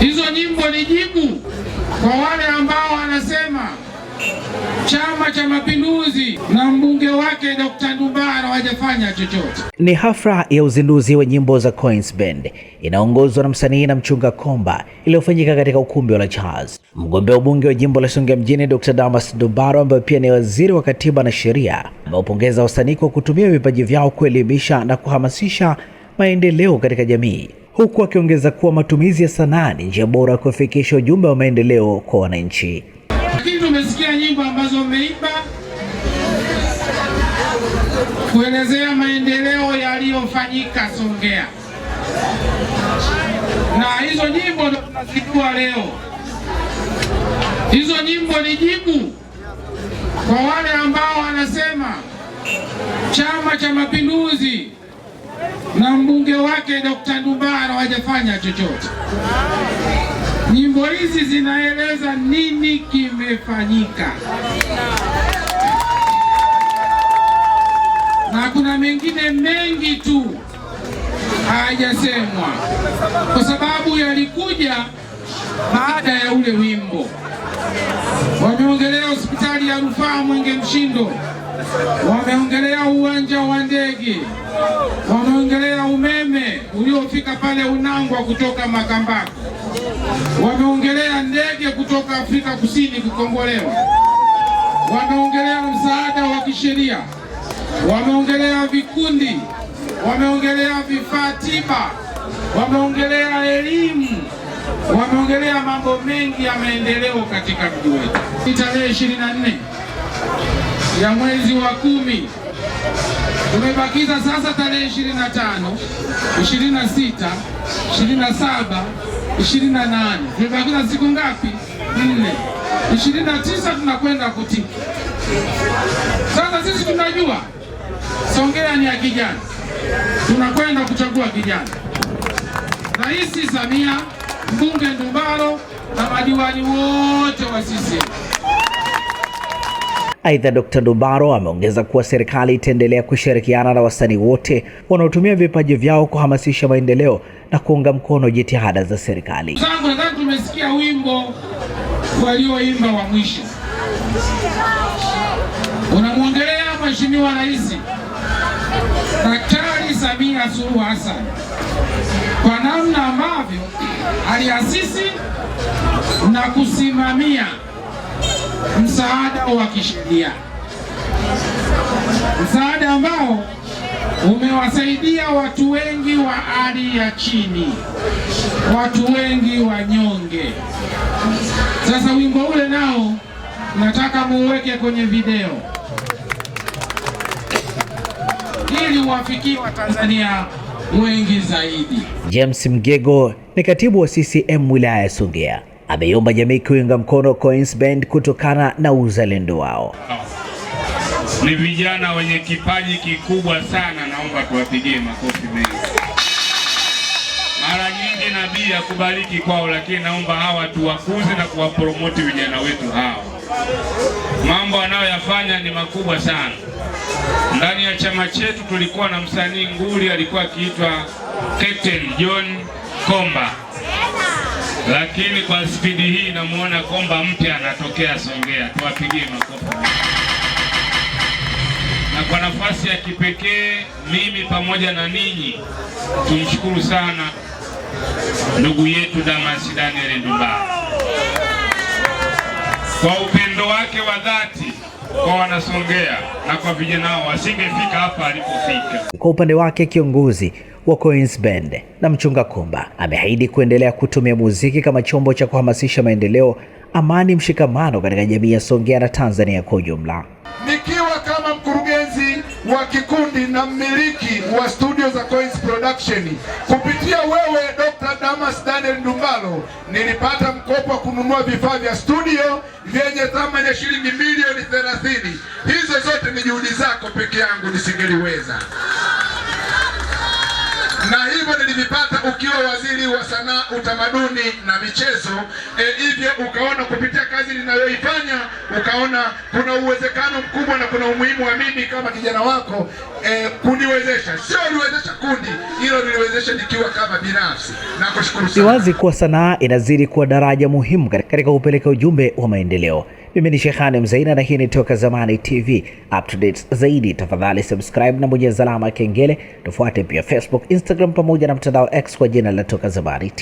Hizo nyimbo ni jibu kwa wale ambao wanasema Chama cha Mapinduzi na mbunge wake Dr. Ndumbaro hawajafanya chochote. Ni hafla ya uzinduzi wa nyimbo za Coins Band inaongozwa na msanii na mchunga komba iliyofanyika katika ukumbi wa Charles. Mgombea ubunge wa jimbo la Songea mjini Dr. Damas Ndumbaro ambaye pia ni waziri wa katiba na sheria amewapongeza wasanii kwa kutumia vipaji vyao kuelimisha na kuhamasisha maendeleo katika jamii huku akiongeza kuwa matumizi ya sanaa ni njia bora ya kufikisha ujumbe wa maendeleo kwa wananchi. Lakini tumesikia nyimbo ambazo mmeimba kuelezea maendeleo yaliyofanyika Songea, na hizo nyimbo ndo tunazijua leo. Hizo nyimbo ni jibu kwa wale ambao wanasema Chama cha Mapinduzi na mbunge wake Dr. Ndumbaro hawajafanya chochote. Nyimbo hizi zinaeleza nini kimefanyika, na kuna mengine mengi tu hayajasemwa kwa sababu yalikuja baada ya ule wimbo. Wameongelea hospitali ya rufaa Mwenge Mshindo, wameongelea uwanja wa ndege Wameongelea umeme uliofika pale Unangwa kutoka Makambako, wameongelea ndege kutoka Afrika Kusini kukombolewa, wameongelea msaada wa kisheria, wameongelea vikundi, wameongelea vifaa tiba, wameongelea elimu wameongelea mambo mengi ya maendeleo katika mji wetu. Tarehe 24 ya mwezi wa kumi Tumebakiza sasa tarehe 25, 26, 27, 28. Tumebakiza siku ngapi? Nne. tisa tunakwenda kutiki. Sasa sisi tunajua Songea ni ya kijana, tunakwenda kuchagua kijana, Rais Samia, mbunge Ndumbaro na madiwani wote wa CCM. Aidha, Dr. Ndumbaro ameongeza kuwa serikali itaendelea kushirikiana na wasanii wote wanaotumia vipaji vyao kuhamasisha maendeleo na kuunga mkono jitihada za serikali. Sangu, nadhani tumesikia wimbo walioimba wa mwisho unamwongelea Mheshimiwa Rais Daktari Samia Suluhu Hassan kwa namna ambavyo aliasisi na kusimamia msaada wa kisheria, msaada ambao umewasaidia watu wengi wa hali ya chini, watu wengi wanyonge. Sasa wimbo ule nao nataka muuweke kwenye video ili uwafikie Watanzania wengi zaidi. James Mgego ni katibu wa CCM wilaya ya Songea ameiomba jamii kuunga mkono Band kutokana na uzalendo wao. Ni vijana wenye kipaji kikubwa sana, naomba tuwapigie makofi mengi. Mara nyingi nabii akubariki kwao, lakini naomba hawa tuwakuze na kuwapromoti vijana wetu hawa. Mambo anayoyafanya ni makubwa sana. Ndani ya chama chetu tulikuwa na msanii nguli alikuwa akiitwa Captain John Komba lakini kwa spidi hii namuona komba mpya anatokea Songea, tuwapigie makofi. Na kwa nafasi ya kipekee mimi pamoja na ninyi tumshukuru sana ndugu yetu damasi Daniel Ndumbaro kwa upendo wake wa dhati kwa Wanasongea na kwa vijana wao wasingefika hapa alipofika. Kwa upande wake kiongozi wa Coins Band na mchunga Komba ameahidi kuendelea kutumia muziki kama chombo cha kuhamasisha maendeleo, amani, mshikamano katika jamii ya Songea na Tanzania kwa ujumla. Nikiwa kama mkurugenzi wa kikundi na mmiliki wa studio za Coins Production, kupitia wewe Dr. Damas Daniel Ndumbalo, nilipata mkopo wa kununua vifaa vya studio vyenye thamani ya shilingi milioni kuweza burudani na michezo e, hivyo e, ukaona kupitia kazi ninayoifanya ukaona kuna uwezekano mkubwa na kuna umuhimu wa mimi kama kijana wako e, kuniwezesha, sio niwezesha kundi hilo, niliwezesha nikiwa kama binafsi. kushukuru sana. Ni wazi kuwa sanaa inazidi kuwa daraja muhimu katika kupeleka ujumbe wa maendeleo. Mimi ni shehani Mzaina na hii ni Toka Zamani TV. Up to date zaidi, tafadhali subscribe na bonyeza alama ya kengele. Tufuate pia Facebook, Instagram pamoja na mtandao X kwa jina la Toka Zamani TV.